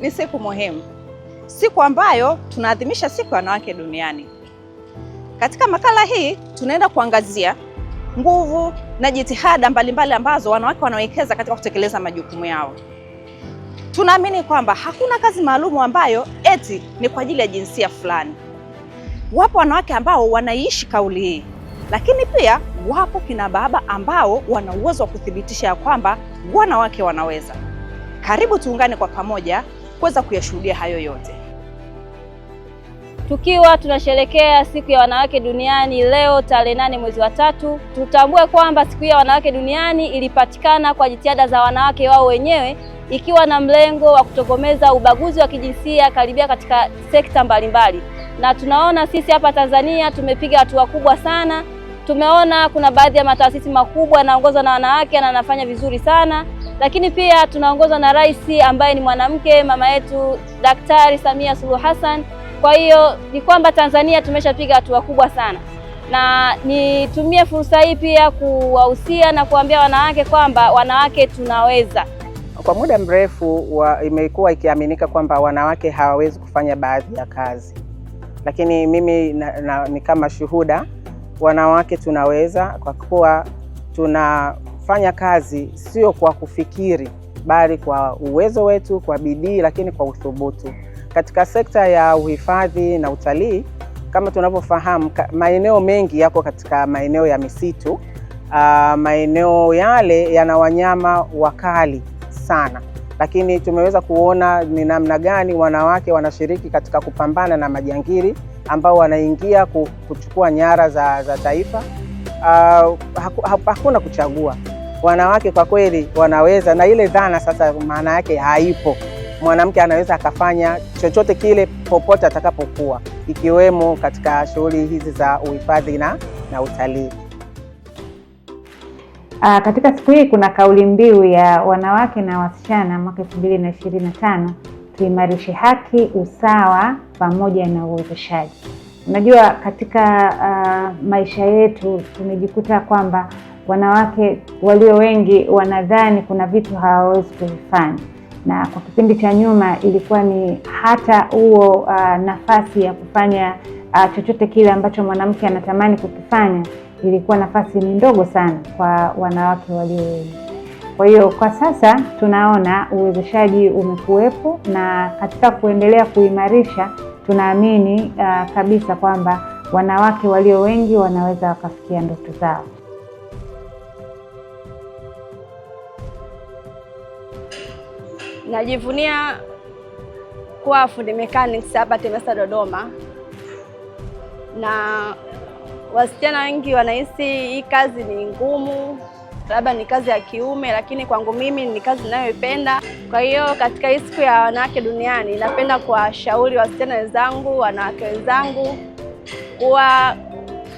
ni siku muhimu, siku ambayo tunaadhimisha siku ya wanawake duniani. Katika makala hii tunaenda kuangazia nguvu na jitihada mbalimbali ambazo wanawake wanawekeza katika kutekeleza majukumu yao. Tunaamini kwamba hakuna kazi maalumu ambayo eti ni kwa ajili ya jinsia fulani. Wapo wanawake ambao wanaishi kauli hii, lakini pia wapo kina baba ambao wana uwezo wa kuthibitisha ya kwamba wanawake wanaweza. Karibu tuungane kwa pamoja kuweza kuyashuhudia hayo yote. Tukiwa tunasherekea siku ya wanawake duniani leo tarehe nane mwezi wa tatu, tutambue kwamba siku ya wanawake duniani ilipatikana kwa jitihada za wanawake wao wenyewe ikiwa na mlengo wa kutokomeza ubaguzi wa kijinsia karibia katika sekta mbalimbali, na tunaona sisi hapa Tanzania tumepiga hatua kubwa sana. Tumeona kuna baadhi ya mataasisi makubwa yanaongozwa na wanawake na anafanya vizuri sana lakini pia tunaongozwa na rais ambaye ni mwanamke, mama yetu Daktari Samia Suluhu Hassan. Kwa hiyo ni kwamba Tanzania tumeshapiga hatua kubwa sana, na nitumie fursa hii pia kuwahusia na kuambia wanawake kwamba wanawake tunaweza. Kwa muda mrefu imekuwa ikiaminika kwamba wanawake hawawezi kufanya baadhi ya kazi, lakini mimi na, na, ni kama shuhuda, wanawake tunaweza kwa kuwa tuna fanya kazi sio kwa kufikiri, bali kwa uwezo wetu, kwa bidii, lakini kwa uthubutu. Katika sekta ya uhifadhi na utalii, kama tunavyofahamu, maeneo mengi yako katika maeneo ya misitu. Uh, maeneo yale yana wanyama wakali sana, lakini tumeweza kuona ni namna gani wanawake wanashiriki katika kupambana na majangili ambao wanaingia kuchukua nyara za, za taifa. Uh, hakuna kuchagua. Wanawake kwa kweli wanaweza, na ile dhana sasa maana yake haipo. Mwanamke anaweza akafanya chochote kile popote atakapokuwa, ikiwemo katika shughuli hizi za uhifadhi na, na utalii. Uh, katika siku hii kuna kauli mbiu ya wanawake na wasichana mwaka elfu mbili na ishirini na tano tuimarishe haki, usawa pamoja na uwezeshaji. Unajua, katika uh, maisha yetu tumejikuta kwamba wanawake walio wengi wanadhani kuna vitu hawawezi kuvifanya, na kwa kipindi cha nyuma ilikuwa ni hata huo uh, nafasi ya kufanya uh, chochote kile ambacho mwanamke anatamani kukifanya ilikuwa nafasi ni ndogo sana kwa wanawake walio wengi. Kwa hiyo kwa sasa tunaona uwezeshaji umekuwepo, na katika kuendelea kuimarisha, tunaamini uh, kabisa kwamba wanawake walio wengi wanaweza wakafikia ndoto zao. Najivunia kuwa fundi mechanics hapa TEMESA Dodoma, na wasichana wengi wanahisi hii kazi ni ngumu, labda ni kazi ya kiume, lakini kwangu mimi ni kazi ninayoipenda. Kwa hiyo katika hii siku ya wanawake duniani, napenda kuwashauri wasichana wenzangu, wanawake wenzangu kuwa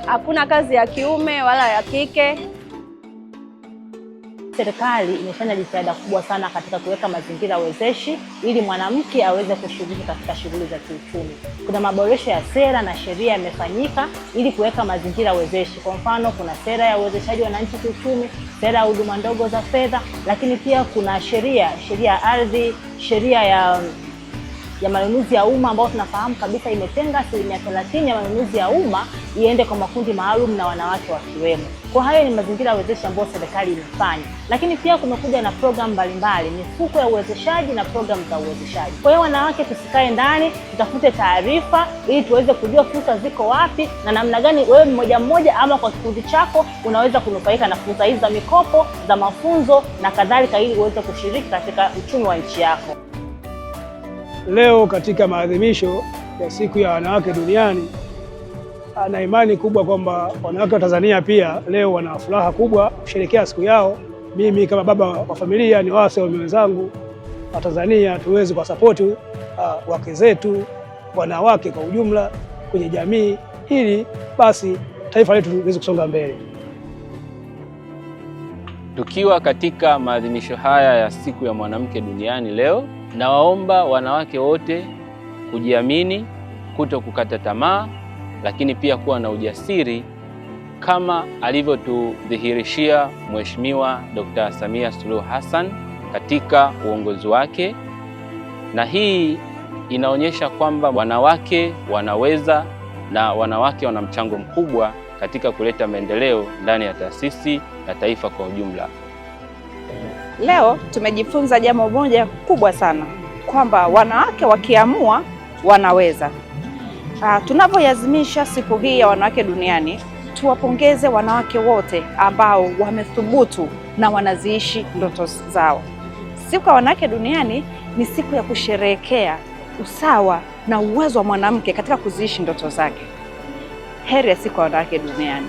hakuna kazi ya kiume wala ya kike serikali imefanya jitihada kubwa sana katika kuweka mazingira wezeshi ili mwanamke aweze kushiriki katika shughuli za kiuchumi. Kuna maboresho ya sera na sheria yamefanyika ili kuweka mazingira wezeshi. Kwa mfano, kuna sera ya uwezeshaji wananchi kiuchumi, sera ya huduma ndogo za fedha, lakini pia kuna sheria sheria ya ardhi, sheria ya ya manunuzi ya umma ambayo tunafahamu kabisa imetenga asilimia thelathini ya manunuzi ya umma iende kwa makundi maalum na wanawake wakiwemo. Kwa hayo ni mazingira ya uwezeshi ambayo serikali imefanya, lakini pia kumekuja na programu mbalimbali, mifuko ya uwezeshaji na programu za uwezeshaji. Kwa hiyo wanawake, tusikae ndani, tutafute taarifa ili tuweze kujua fursa ziko wapi na namna gani wewe mmoja mmoja ama kwa kikundi chako unaweza kunufaika na fursa hizi za mikopo, za mafunzo na kadhalika, ili uweze kushiriki katika uchumi wa nchi yako. Leo katika maadhimisho ya siku ya wanawake duniani Ah, na imani kubwa kwamba wanawake wa Tanzania pia leo wana furaha kubwa kusherehekea siku yao. Mimi kama baba wa familia ni wase waume wenzangu wa Tanzania tuweze kuwasapoti uh, wake zetu wanawake kwa ujumla kwenye jamii, ili basi taifa letu liweze kusonga mbele. Tukiwa katika maadhimisho haya ya siku ya mwanamke duniani leo, nawaomba wanawake wote kujiamini, kuto kukata tamaa lakini pia kuwa na ujasiri kama alivyotudhihirishia Mheshimiwa Dr. Samia Suluhu Hassan katika uongozi wake, na hii inaonyesha kwamba wanawake wanaweza na wanawake wana mchango mkubwa katika kuleta maendeleo ndani ya taasisi na taifa kwa ujumla. Leo tumejifunza jambo moja kubwa sana kwamba wanawake wakiamua wanaweza. Uh, ah, tunapoyazimisha siku hii ya wanawake duniani, tuwapongeze wanawake wote ambao wamethubutu na wanaziishi ndoto zao. Siku ya wanawake duniani ni siku ya kusherehekea usawa na uwezo wa mwanamke katika kuziishi ndoto zake. Heri ya siku ya wanawake duniani.